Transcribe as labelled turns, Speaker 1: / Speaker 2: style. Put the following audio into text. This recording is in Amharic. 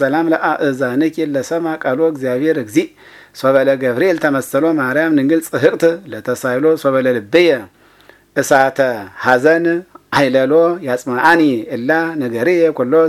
Speaker 1: ሰላም ለአእዛንኪ ለሰማ ቃሎ እግዚአብሔር እግዚእ ሶበለ ገብርኤል ተመሰሎ ማርያም ንግል ጽህቅት ለተሳይሎ ሶበለ ልብየ እሳተ ሐዘን አይለሎ ያጽማአኒ እላ ነገሬ ኩሎ